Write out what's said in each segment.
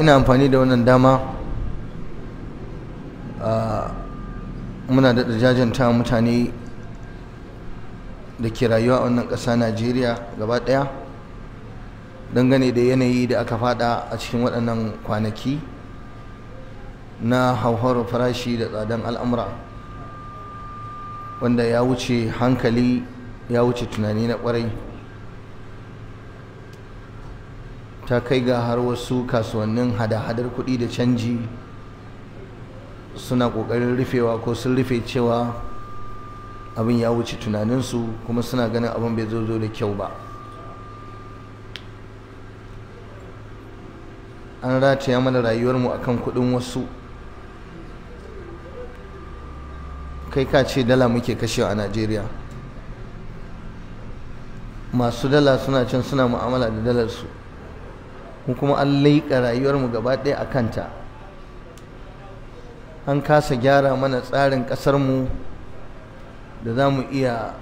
ina amfani da wannan dama muna da jajanta mutane da ke rayuwa a wannan ƙasa najeriya gaba ɗaya dangane da yanayi da aka fada a cikin waɗannan kwanaki na hauhawar farashi da tsadan al'amura wanda ya wuce hankali ya wuce tunani na ƙwarai ta kai ga har wasu kasuwannin hada-hadar kuɗi da canji suna ƙoƙarin rufewa ko sun rufe cewa abin ya wuce tunaninsu kuma suna ganin abin bai zo da kyau ba an rataya mana rayuwarmu a kan kuɗin wasu kai ka ce dala muke kashewa a najeriya masu dala suna can suna mu'amala da dalarsu su kuma an laika rayuwarmu gaba ɗaya a kanta an kasa gyara mana tsarin mu da za mu iya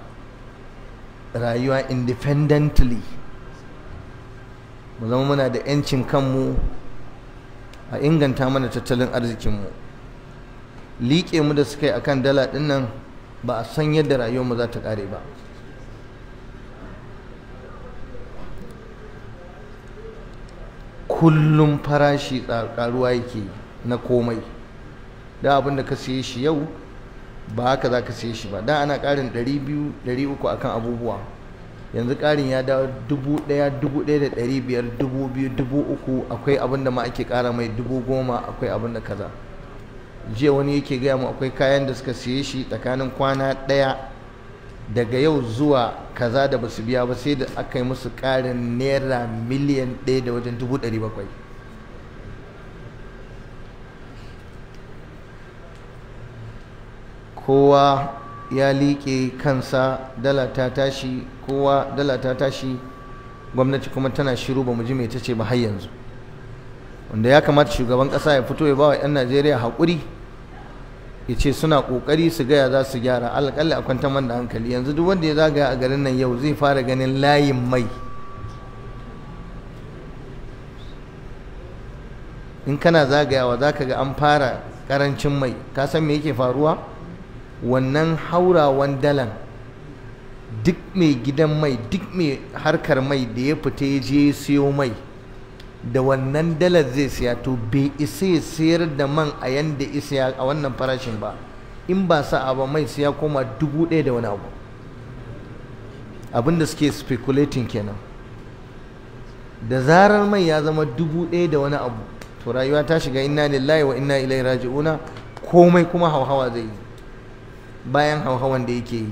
rayuwa independently mu zama muna da 'yancin kanmu a inganta mana tattalin arzikinmu liƙe mu da suka yi akan dala ɗin nan ba a san yadda rayuwarmu za ta ƙare ba kullum farashi karuwa yake na komai da abin da ka siye shi yau ba haka za ka siye shi ba da ana ƙarin 200 300 akan abubuwa yanzu ƙarin ya da 1000 1500 2000 akwai abin da ma ake ƙara mai 10000 akwai abin da kaza jiya wani yake gaya mu akwai kayan da suka siye shi tsakanin kwana ɗaya daga yau zuwa kaza da basu biya ba sai da aka yi musu ƙarin naira miliyan ɗaya da wajen dubu ɗari bakwai kowa ya liƙe kansa dala ta tashi kowa dala ta tashi gwamnati kuma tana shiru ba mu ji mai ta ce ba har yanzu wanda ya kamata shugaban ƙasa ya fito ya ba wa 'yan najeriya haƙuri ya ce suna ƙoƙari su gaya za su gyara alƙalla a kwantar man da hankali yanzu duk wanda ya zagaya a garin nan yau zai fara ganin layin mai in kana zagayawa za ka ga an fara karancin mai kasan san me yake faruwa wannan haurawan dalan duk mai gidan mai duk mai harkar mai da ya fita ya je siyo mai da wannan dalar zai siya to bai isa ya sayar da man a yanda isa a wannan farashin ba in ba sa'a ba mai siya koma dubu ɗaya da wani abu abinda suke speculating kenan da zarar mai ya zama dubu ɗaya da wani abu to rayuwa ta shiga inna lillahi wa inna ilaihi raji'una komai kuma hauhawa zai yi bayan hauhawan da yake yi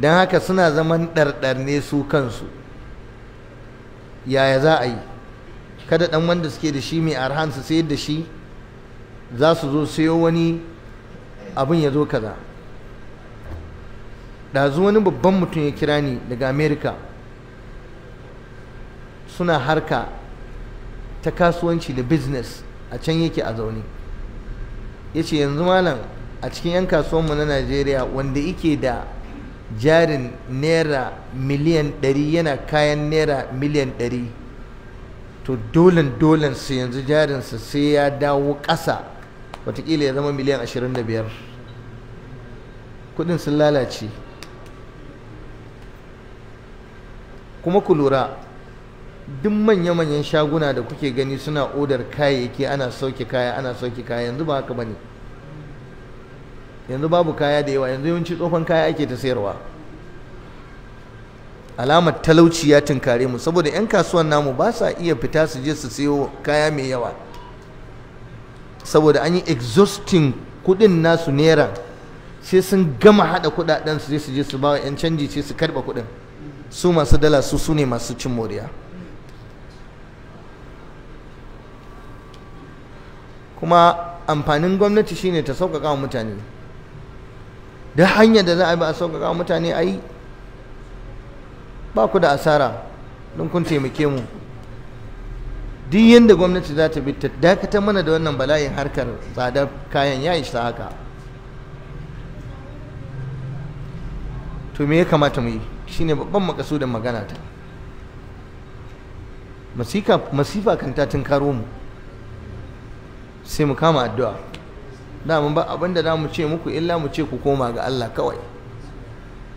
don haka suna zaman ɗarɗar ne su kansu yaya za a yi kada ɗan wanda suke da shi mai arhan su sayar da shi za su zo sayo wani abin ya zo kaza ɗazu wani babban mutum ya kira ni daga amerika suna harka ta kasuwanci da business a can yake a zaune ya ce yanzu malam a cikin 'yan kasuwanmu na najeriya wanda yake da jarin naira miliyan 100 yana kayan naira miliyan 100 to dolen dolen su yanzu jarinsa sai ya dawo ƙasa watakila ya zama miliyan 25 kudin sun lalace kuma ku lura duk manya-manyan shaguna da kuke gani suna odar kayayyaki ana sauke kaya ana sauke kaya yanzu ba haka ba yanzu babu kaya da yawa yanzu yawanci tsofan kaya ake ta sayarwa alamar talauci ya tunkare mu saboda 'yan kasuwan namu ba sa iya fita su je su siyo kaya mai yawa saboda an yi exhausting kudin nasu naira sai sun gama hada kudaden su je su je su ba 'yan canji ce su karba kudin su masu dala su su ne masu cin moriya kuma amfanin gwamnati shine ta sauƙaƙa mutane da hanyar da za a bi a sauƙaƙa mutane a ba ku da asara don kun taimake mu duk yadda gwamnati za ta bi ta dakatar mana da wannan bala'in harkar tsadar kayan ya isa haka to me ya kamata mu yi shine babban makasudin magana ta masifa kan ta karo mu sai mu kama addu'a da mun ba abinda za mu ce muku illa mu ce ku koma ga Allah kawai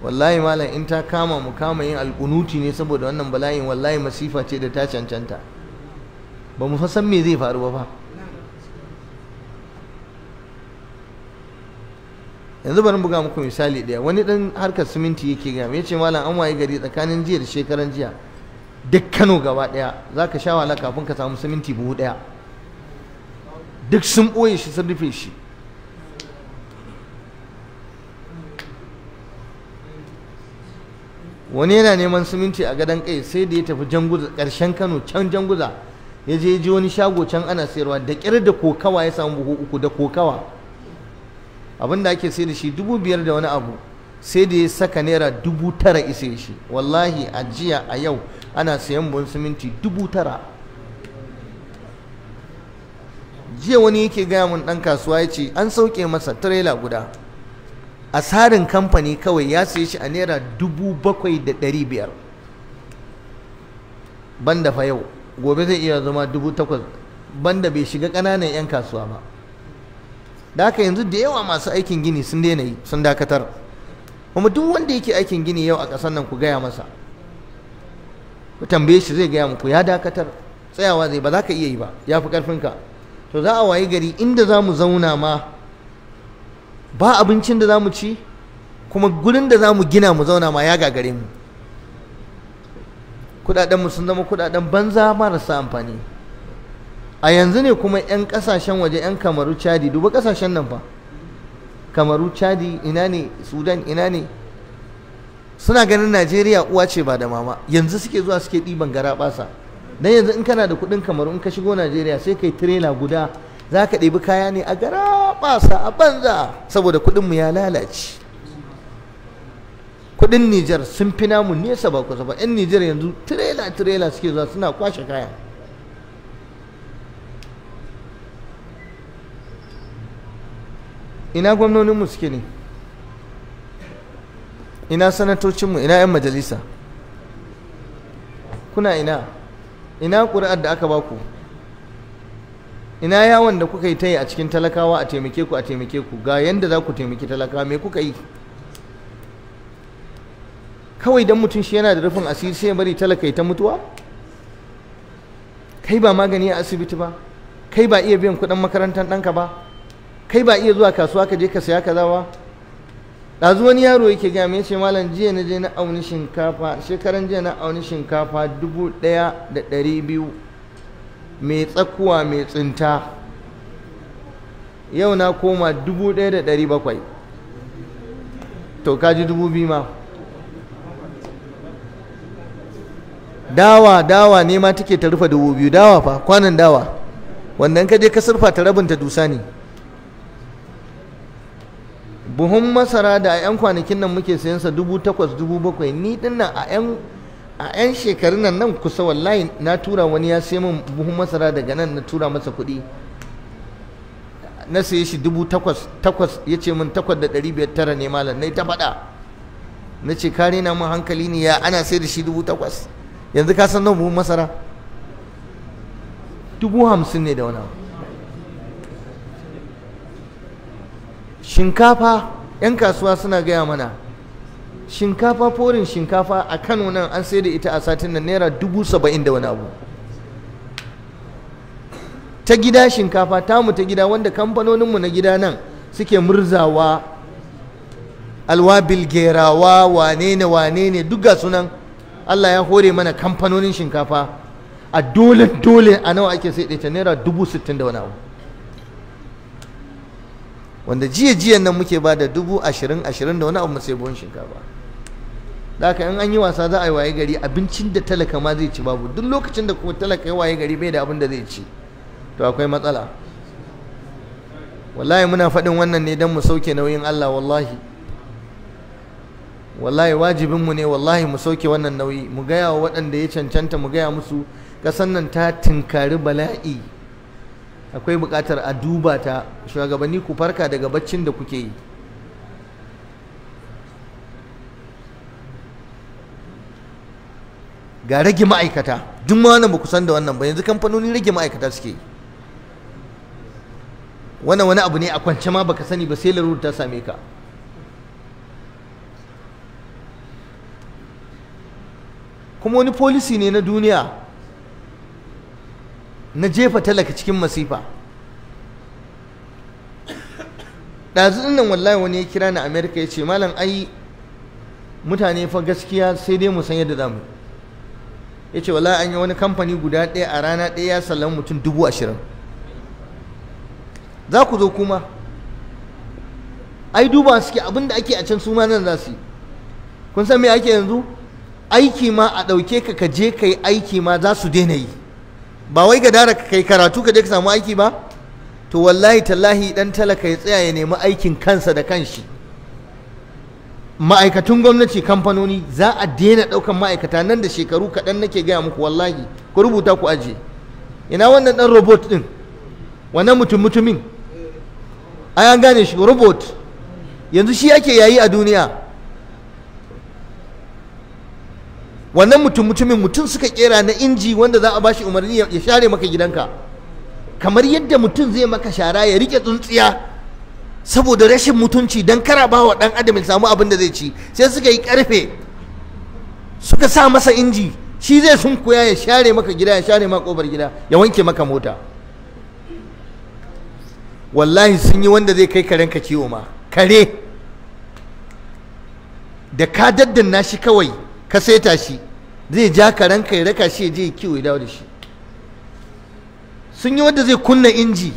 wallahi malam in ta kama mu kama yin alƙunuti ne saboda wannan bala'in wallahi masifa ce da ta cancanta ba mu san me zai faru ba fa yanzu bari buga muku misali ɗaya wani dan harkar siminti yake gaya me ce malam an waye gari tsakanin jiya da shekaran jiya duk kano gaba ɗaya zaka ka sha wala kafin ka samu siminti buhu ɗaya duk sun ɓoye shi sun rufe shi wani yana neman siminti a gadon kai sai da ya tafi janguza ƙarshen kano can janguza ya je ji wani shago can ana sayarwa da ƙyar da kokawa ya samu buhu uku da kokawa abin da ake sai da shi dubu biyar da wani abu sai da ya saka naira dubu tara isa shi wallahi a jiya a yau ana sayan buhun siminti dubu tara jiya wani yake gaya mun ɗan kasuwa ya ce an sauke masa tirela guda asarin kamfani kawai ya saye shi a naira dubu bakwai da ɗari biyar banda fa gobe zai iya zama dubu banda bai shiga kananan 'yan kasuwa ba da haka yanzu da yawa masu aikin gini sun daina yi sun dakatar kuma duk wanda yake aikin gini yau a ƙasar nan ku gaya masa ku tambaye shi zai gaya muku ya dakatar tsayawa zai ba za ka iya yi ba ya fi ƙarfinka to za a wayi gari inda za mu zauna ma ba abincin da za mu ci kuma gurin da za mu gina mu zauna ma ya gagare mu kudadenmu sun zama kudaden banza marasa amfani a yanzu ne kuma 'yan kasashen waje 'yan kamaru chadi duba kasashen nan fa kamaru chadi ina ne sudan ina ne suna ganin najeriya uwa ce ba da mama yanzu suke zuwa suke ɗiban gara basa don yanzu in kana da kuɗin kamaru in ka shigo najeriya sai kai tirela guda za ka ɗebi kaya ne a gara ɓasa a banza saboda kuɗinmu ya lalace kuɗin nijar sun fi namu nesa ba kusa ba 'yan nijar yanzu tirela tirela suke zuwa suna kwashe kaya ina gwamnoninmu suke ne ina sanatocinmu ina 'yan majalisa kuna ina ina ƙuri'ar da aka baku ku ina yawon da kuka yi ta yi a cikin talakawa a taimake ku a taimake ku ga yadda za ku taimaki talakawa me kuka yi kawai don mutum shi yana da rufin asiri sai bari talaka ta mutuwa kai ba magani a asibiti ba kai ba iya biyan kuɗin makarantar ɗanka ba kai ba iya zuwa kasuwa ka je ka saya kaza ba ɗazu wani yaro yake gaya mai ce malam jiya na je na auni shinkafa shekaran jiya na auni shinkafa dubu ɗaya da ɗari biyu mai tsakuwa mai tsinta yau na koma 1,700 to kaji 2,000 ma dawa dawa ne ma take ta rufe 2,000 dawa fa kwanan dawa wannan kaje ka surfa ta rabinta dusa ne buhun masara da a 'yan kwanakin nan muke sayansa dubu bakwai ni dinnan a 'yan a 'yan shekarun nan nan kusa wallahi na tura wani ya sai min buhun masara daga nan na tura masa kuɗi na saye shi dubu takwas takwas ya ce min takwas da ɗari biyar tara ne malam na ta faɗa na ce kare na mun hankali ne ya ana sai da shi dubu takwas yanzu ka san nan buhun masara dubu hamsin ne da wani shinkafa 'yan kasuwa suna gaya mana shinkafa forin shinkafa a kano nan an sai da ita a satin nan naira dubu saba'in da wani abu ta gida shinkafa tamu ta gida wanda kamfanoninmu na gida nan suke murzawa alwabil gerawa wane ne wane ne duk ga sunan allah ya hore mana kamfanonin shinkafa a dole dole a nawa ake sai da ta naira dubu sittin da wani abu wanda jiya jiyan nan muke ba da dubu ashirin ashirin da wani abu mu sai buhun shinkafa da haka in an yi wasa za a yi waye gari abincin da talaka ma zai ci babu duk lokacin da kuma talaka ya waye gari bai da abin da zai ci to akwai matsala wallahi muna faɗin wannan ne don mu sauke nauyin Allah wallahi wallahi mu ne wallahi mu sauke wannan nauyi mu gaya wa waɗanda ya cancanta mu gaya musu kasan nan ta tinkari bala'i akwai buƙatar a duba ta shugabanni ku farka daga baccin da kuke yi ga rage ma'aikata duk ma ba ku san da wannan ba yanzu kamfanoni rage ma'aikata suke yi wannan wani abu ne a kwance ma baka sani ba sai larura ta same ka kuma wani policy ne na duniya na jefa talaka cikin masifa ɗazu nan wallahi wani ya kira na amerika ya ce malam ai mutane fa gaskiya sai dai mu san yadda za mu ya ce wala an yi wani kamfani guda ɗaya a rana ɗaya ya sallama mutum dubu ashirin za ku zo kuma ai duba suke abinda ake a can suma nan za su yi kun san me ake yanzu aiki ma a ɗauke ka ka je ka yi aiki ma za su daina yi ba wai ga dara ka kai karatu ka je ka samu aiki ba to wallahi tallahi ɗan talaka ya tsaya ya nemi aikin kansa da kanshi ma'aikatun gwamnati kamfanoni za a daina ɗaukan ma'aikata nan da shekaru kaɗan nake gaya muku wallahi ku rubuta ku aje ina wannan ɗan robot ɗin wannan mutum mutumin ai an gane shi robot yanzu shi ake yayi a duniya wannan mutum mutumin mutum suka kera na inji wanda za a bashi umarni ya share maka gidanka kamar yadda mutum zai maka shara ya rike tsuntsiya saboda rashin mutunci don kara ba wa ɗan adam ya samu abin da zai ci sai suka yi ƙarfe suka sa masa inji shi zai sun koya ya share maka gida ya share maka ƙofar gida ya wanke maka mota wallahi sun yi wanda zai kai karenka ciwo ma kare da ka daddanna shi kawai ka saita shi zai ja karenka ya raka shi ya je kiwo ya dawo da shi sun yi wanda zai kunna inji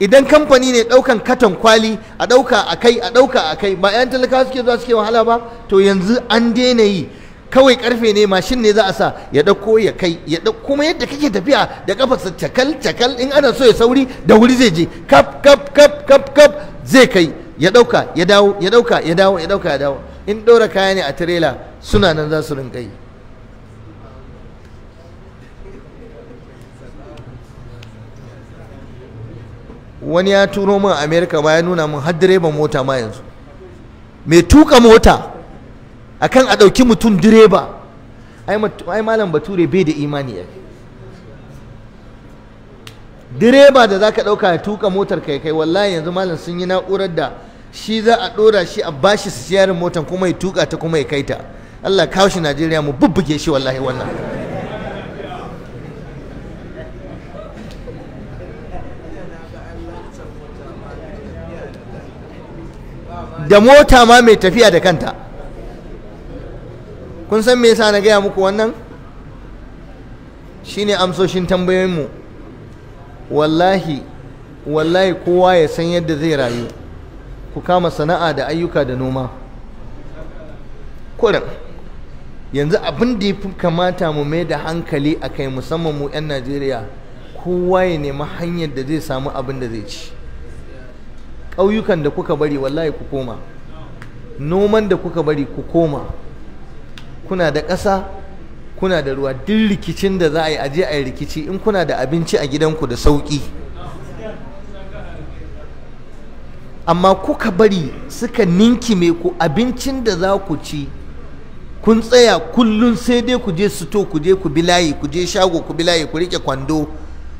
idan kamfani ne ɗaukan katon kwali a ɗauka a kai a ɗauka a kai ba 'yan talaka suke zuwa suke wahala ba to yanzu an daina yi kawai karfe ne mashin ne za a sa ya ɗauko ya kai ya kuma yadda kake tafiya da kafarsa cakal cakal in ana so ya sauri da wuri zai je kap kap kap kap kap zai kai ya ɗauka ya dawo ya ɗauka ya dawo ya ɗauka ya dawo in ɗora kaya ne a tirela suna nan za su rinka yi wani ya turo min america ba ya nuna min har direban mota ma yanzu mai tuka mota akan a ɗauki mutum direba ai malam bature bai da imani ya direba da za ka ɗauka ya tuka motar kai kai wallahi yanzu malam sun yi na'urar da shi za a ɗora shi a bashi su siyarin motar kuma ya tuka ta kuma ya kai ta Allah kawo shi Najeriya mu bubbuge shi wallahi wannan da mota ma mai tafiya da kanta kun san me yasa na gaya muku wannan shine amsoshin tambayoyinmu wallahi wallahi kowa ya san yadda zai rayu ku kama sana'a da ayyuka da noma kurin yanzu abin da ya fi kamata mu mai da hankali a kai musamman mu 'yan najeriya kowa ya nemi hanyar da zai samu abin da zai ci ƙauyukan da kuka bari wallahi ku koma noman da kuka bari ku koma kuna da ƙasa kuna da ruwa duk rikicin da za a yi aje a yi rikici in kuna da abinci a gidanku da sauƙi amma kuka bari suka ninki mai ku abincin da za ku ci kun tsaya kullum sai dai ku je sito ku je ku bi layi ku je shago ku bi layi ku riƙe kwando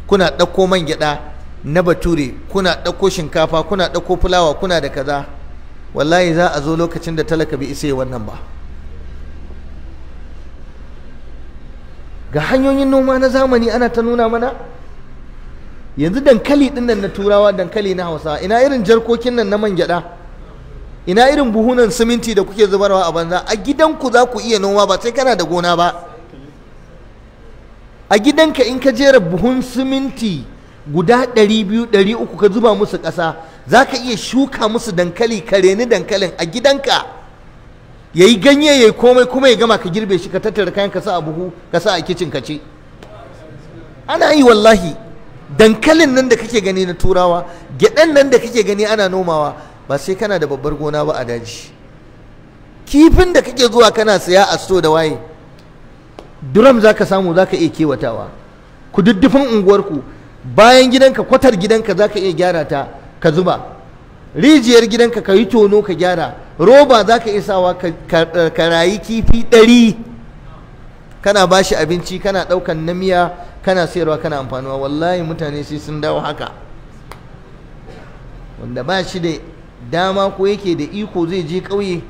kuna ɗauko man gyaɗa na bature kuna ɗauko shinkafa kuna ɗauko fulawa kuna da kaza wallahi za a zo lokacin da talaka bai isa wannan ba ga hanyoyin noma na zamani ana ta nuna mana yanzu dankali ɗin nan na turawa dankali na hausa ina irin jarkokin nan na man gyaɗa ina irin buhunan siminti da kuke zubarwa a banza a gidanku za ku iya noma ba sai kana da gona ba a gidanka in ka jera buhun siminti guda ɗari biyu ɗari uku ka zuba musu ƙasa za ka iya shuka musu dankali ka reni dankalin a gidanka ya yi ganye ya yi komai kuma ya gama ka girbe shi ka tattara kayan ka sa a buhu ka sa a kicin ka ce ana yi wallahi dankalin nan da kake gani na turawa gyaɗan nan da kake gani ana nomawa ba sai kana da babbar gona ba a daji kifin da kake zuwa kana saya a sto da waye Duram za ka samu za ka iya kewatawa ku duddufin unguwarku bayan gidanka kwatar gidanka za ka iya gyara ta ka zuba rijiyar gidanka ka yi tono ka gyara roba za ka iya sawa ka rayi kifi ɗari kana ba shi abinci kana ɗaukan na miya kana sayarwa kana amfanuwa wallahi mutane sai sun dawo haka wanda ba shi da dama ko yake da iko zai je ƙauye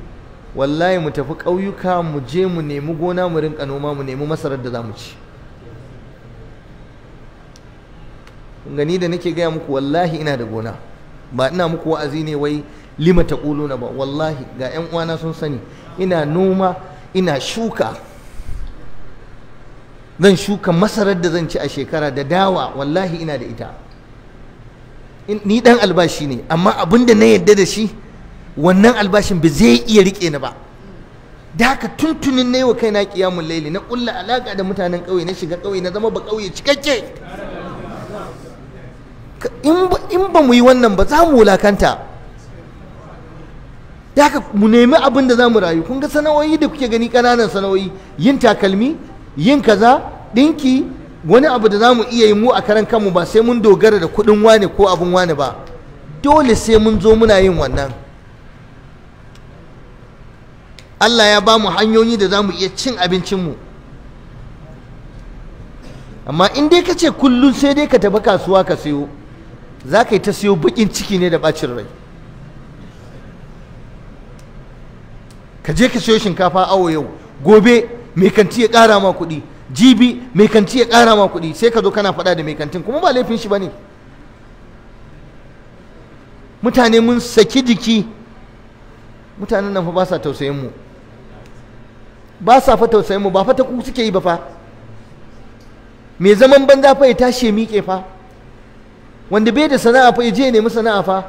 wallahi mu tafi ƙauyuka mu je mu nemi gona mu rinka noma mu nemi masarar da za mu ci gani da nake gaya muku wallahi ina da gona ba ina muku wa'azi ne wai lima ta na ba wallahi ga 'yan uwana sun sani ina noma ina shuka zan shuka masarar da zan ci a shekara da dawa wallahi ina da ita ni dan albashi ne amma abin da na yadda da shi wannan albashin ba zai iya rike ni ba da haka tuntunin na yi wa kaina kiyamun laili na kulla alaƙa da mutanen ƙauye na shiga ƙauye na zama ba ƙauye cikakke in ba mu yi wannan ba za mu wulakanta ya ka mu nemi abin da za mu rayu kun ga sana'o'i da kuke gani ƙananan sana'o'i yin takalmi yin kaza ɗinki wani abu da za mu iya yi mu a karan kanmu ba sai mun dogara da kuɗin wane ko abin wane ba dole sai mun zo muna yin wannan Allah ya ba mu hanyoyi da za mu iya cin abincinmu amma in dai ka ce kullum sai dai ka tafi kasuwa ka siyo. za ka yi ta siyo baƙin ciki ne da ɓacin rai ka je ka siyo shinkafa awo yau gobe mai kanti ya ƙara ma kuɗi jibi mai kanti ya ƙara ma kuɗi sai ka zo kana faɗa da mai kantin kuma ba laifin shi ba ne mutane mun saki jiki mutanen nan fa ba sa tausayin mu ba sa fa tausayin mu ba fa ta ku suke yi ba fa mai zaman banza fa ya tashi ya miƙe fa wanda bai da sana'a fa je ne nemi sana'a fa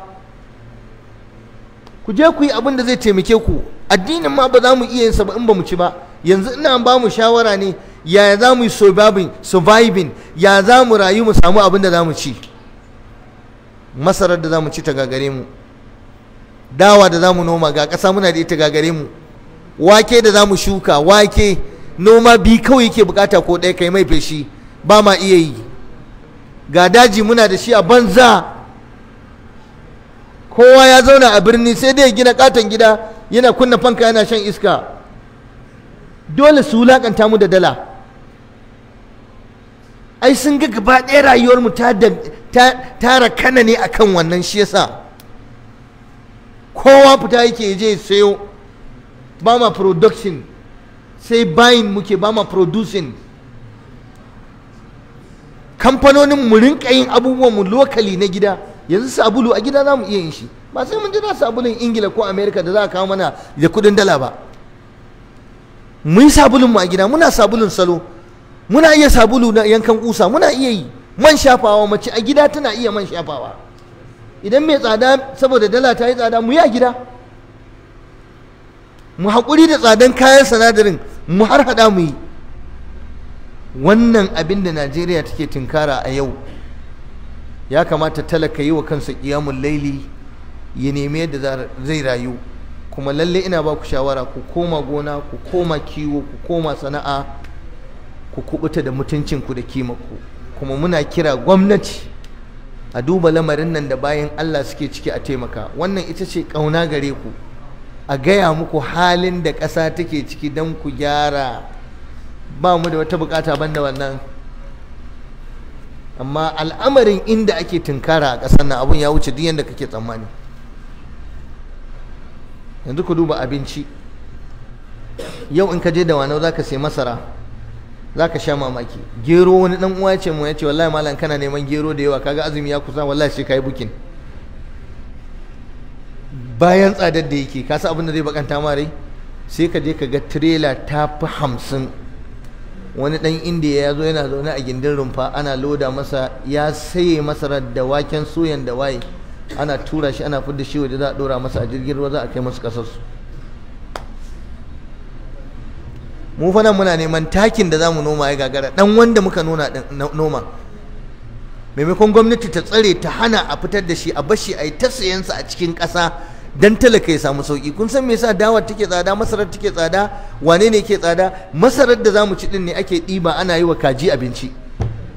ku je ku yi abin da zai taimake ku addinin ma ba za mu iya yinsa ba in ba mu ci ba yanzu ina ba mu shawara ne ya za mu yi surviving ya za mu rayu mu samu abin da za mu ci masarar da za mu ci ta gagare mu dawa da za mu noma ga ƙasa muna da ita gagare mu wake da za mu shuka wake noma bi kawai yake bukata ko ɗaya kai mai feshi ba ma iya yi ga daji muna da shi a banza kowa ya zauna a birni sai dai gina katon gida yana kunna fanka yana shan iska dole su wulakanta mu da dala ai sun ga gaba ɗaya rayuwarmu ta tara kana ne akan wannan shi yasa kowa fita yake je sayo ba ma production sai bayin muke ba ma producing kamfanonin mu rinka yin abubuwan mu lokali na gida yanzu sabulu a gida za mu iya yin shi ba sai mun jira sabulun ingila ko Amerika da za a kawo mana da kudin dala ba mu yi sabulun mu a gida muna sabulun salo muna iya sabulu na yankan kusa muna iya yi man shafawa mace a gida tana iya man shafawa idan mai tsada saboda dala ta yi tsada mu yi a gida mu haƙuri da tsadan kayan sanadarin mu har haɗa mu yi wannan abin da najeriya take tinkara a yau ya kamata talaka yi wa kansa ƙiyamun laili ya nemi yadda zai rayu kuma lalle ina ba ku shawara ku koma gona ku koma kiwo ku koma sana'a ku kubuta da mutuncinku da kimaku kuma muna kira gwamnati a duba lamarin nan da bayan Allah suke ciki a taimaka wannan ita ce ƙauna gare ku a gaya muku halin da ƙasa take ciki don ku gyara ba mu da wata bukata banda wannan amma al'amarin inda ake tunkara a ƙasar nan abun ya wuce duk yadda kake tsammani yanzu ku duba abinci yau in ka je da wani za ka sai masara za ka sha mamaki gero wani dan uwa ce mu ya ce wallahi malam kana neman gero da yawa kaga azumi ya kusa wallahi sai kai bukin bayan tsadar da yake ka san abin da zai bakanta ma sai ka je ka ga trailer ta fi hamsin wani dan indiya ya zo yana zaune a gindin rumfa ana loda masa ya saye masarar da waken soyan da waye ana tura shi ana fidda shi waje za a dora masa a jirgin ruwa za a kai masu kasar su mu fa muna neman takin da zamu noma ya gagara dan wanda muka nuna noma maimakon gwamnati ta tsare ta hana a fitar da shi a bashi a yi ta sayansa a cikin ƙasa dan talaka ya samu sauki kun san me yasa dawa take tsada masarar take tsada wane ne ke tsada masarar da zamu ci din ne ake diba ana yi wa kaji abinci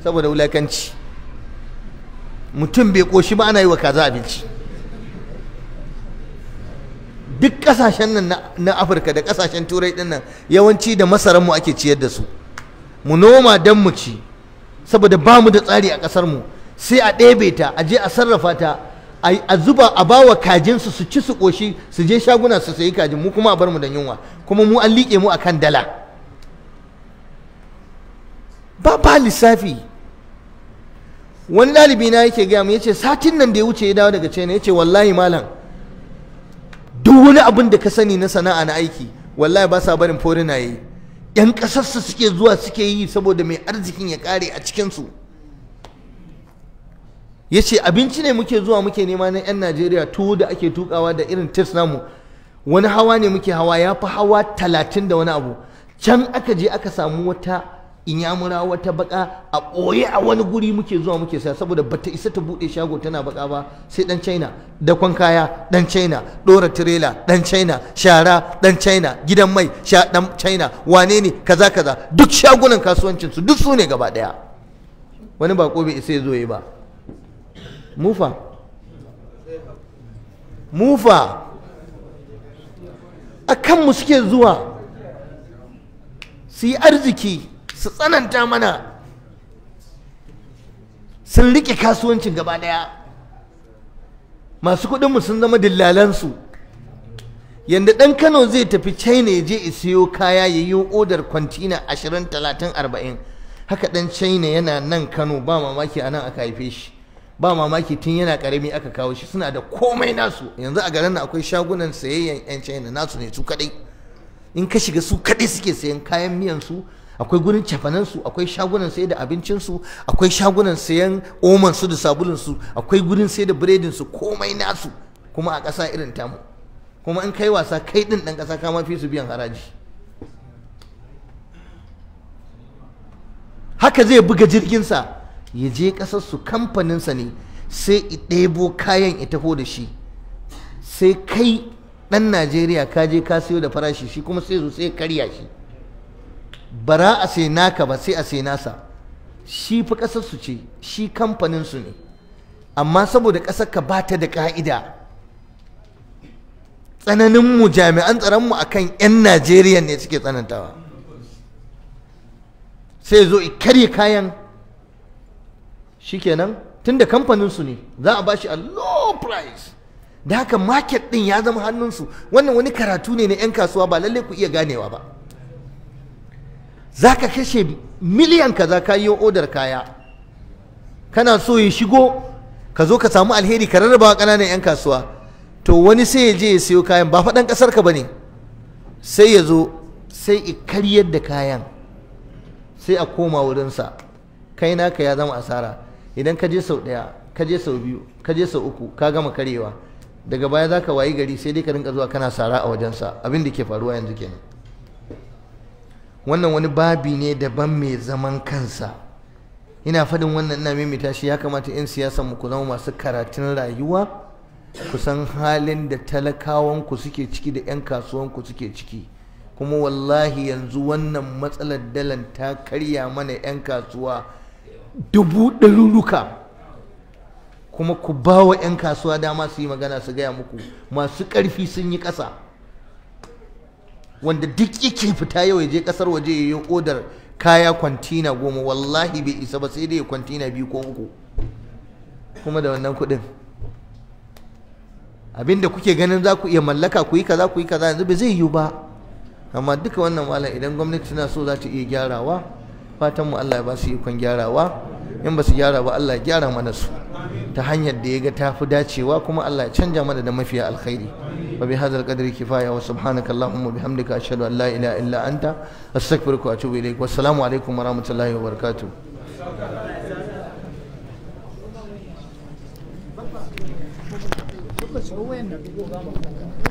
saboda wulakanci mutum bai koshi ba ana yi wa kaza abinci duk kasashen nan na afirka da kasashen turai din nan yawanci da masarar mu ake ciyar da su mu noma dan mu ci saboda bamu da tsari a kasar mu sai a ɗebe ta a je a sarrafa ta a zuba a bawa kajinsu su ci su ƙoshi su je shaguna su sayi kajin mu kuma a bar mu da yunwa kuma mu an liƙe mu akan dala ba ba lissafi wani ɗalibi na yake gaya mu ya ce satin nan da ya wuce ya dawo daga china ce wallahi malam duk wani abin da ka sani na sana'a na aiki wallahi ba sa barin forina yayi yan ƙasarsa suke zuwa suke yi saboda mai arzikin ya ƙare a cikinsu ya ce abinci ne muke zuwa muke nema na 'yan najeriya tuwo da ake tukawa da irin tips namu wani hawa ne muke hawa ya fi hawa talatin da wani abu can aka je aka samu wata inyamura wata baka a ɓoye a wani guri muke zuwa muke sa saboda bata isa ta buɗe shago tana baka ba sai ɗan china dakon kaya ɗan china ɗora tirela ɗan china shara ɗan china gidan mai sha ɗan china wane ne kaza kaza duk shagunan kasuwancinsu duk su ne gaba ɗaya wani bako bai isa ya zo ba mufa mufa a kanmu suke zuwa su yi arziki su tsananta mana sun riƙe kasuwancin gaba ɗaya masu kuɗinmu sun zama dillalansu yadda ɗan kano zai tafi china ya je isiyo kaya ya yi odar kwantina ashirin talatin arba'in haka ɗan china yana nan kano ba mamaki a nan aka haife shi ba mamaki tun yana karami aka kawo shi suna da komai nasu yanzu a garin nan akwai shagunan sayayyan yan china nasu ne su kadai in ka shiga su kadai suke sayan kayan miyan su akwai gurin cafanan su akwai shagunan sayar da abincin su akwai shagunan sayan oman su da sabulun su akwai gurin sayar da biredin su komai nasu kuma a ƙasa irin tamu kuma in kai wasa kai din dan ƙasa ka ma fi su biyan haraji haka zai buga jirgin sa. ya je ƙasar su kamfaninsa ne sai i ɗebo kayan ya taho da shi sai kai ɗan najeriya ka je ka sayo da farashi shi kuma sai zo sai karya shi bara a sai naka ba sai a sai nasa shi fa ƙasar su ce shi kamfanin su ne amma saboda ƙasar ka ba ta da ka'ida tsananin mu jami'an tsaron mu akan 'yan najeriya ne suke tsanantawa sai zo i karya kayan shikenan tunda kamfanin su ne za a bashi a low price da haka market din ya zama hannunsu wannan wani karatu ne na 'yan kasuwa ba lallai ku iya ganewa ba za ka kashe miliyan kaza ka yi odar kaya kana so ya shigo ka zo ka samu alheri ka rarraba wa ƙananan 'yan kasuwa to wani sai ya je ya sayo kayan ba faɗan ƙasar ka ba ne sai ya zo sai i karyar da kayan sai a koma wurinsa kai naka ya zama asara idan ka je sau ɗaya ka je sau biyu ka je sau uku ka gama karewa daga baya za ka wayi gari sai dai ka rinka zuwa kana sara a wajensa abin da ke faruwa yanzu kenan wannan wani babi ne daban mai zaman kansa ina faɗin wannan ina maimaita shi ya kamata 'yan siyasa mu ku zama masu karatun rayuwa ku san halin da talakawan ku suke ciki da 'yan kasuwan ku suke ciki kuma wallahi yanzu wannan matsalar dalan ta karya mana 'yan kasuwa dubu ɗaruruka kuma ku ba wa 'yan kasuwa dama su yi magana su gaya muku masu ƙarfi sun yi ƙasa wanda duk yake fita yau ya je ƙasar waje ya yi odar kaya kwantina goma wallahi bai isa ba sai dai ya kwantina biyu ko uku kuma da wannan kuɗin abinda kuke ganin za ku iya mallaka ku yi kaza ku yi kaza yanzu ba zai yiwu ba amma duka wannan malam idan gwamnati tana so za ta iya gyarawa fatan mu Allah ya ba su ikon gyarawa in ba su gyara ba Allah ya gyara mana su ta hanyar da ya ga tafi dacewa kuma Allah ya canja mana da mafiya alkhairi wa bi hadzal qadri kifaya wa subhanaka allahumma bihamdika ashhadu an la ilaha illa anta astaghfiruka wa atubu Wa wassalamu alaikum wa rahmatullahi wa barakatuh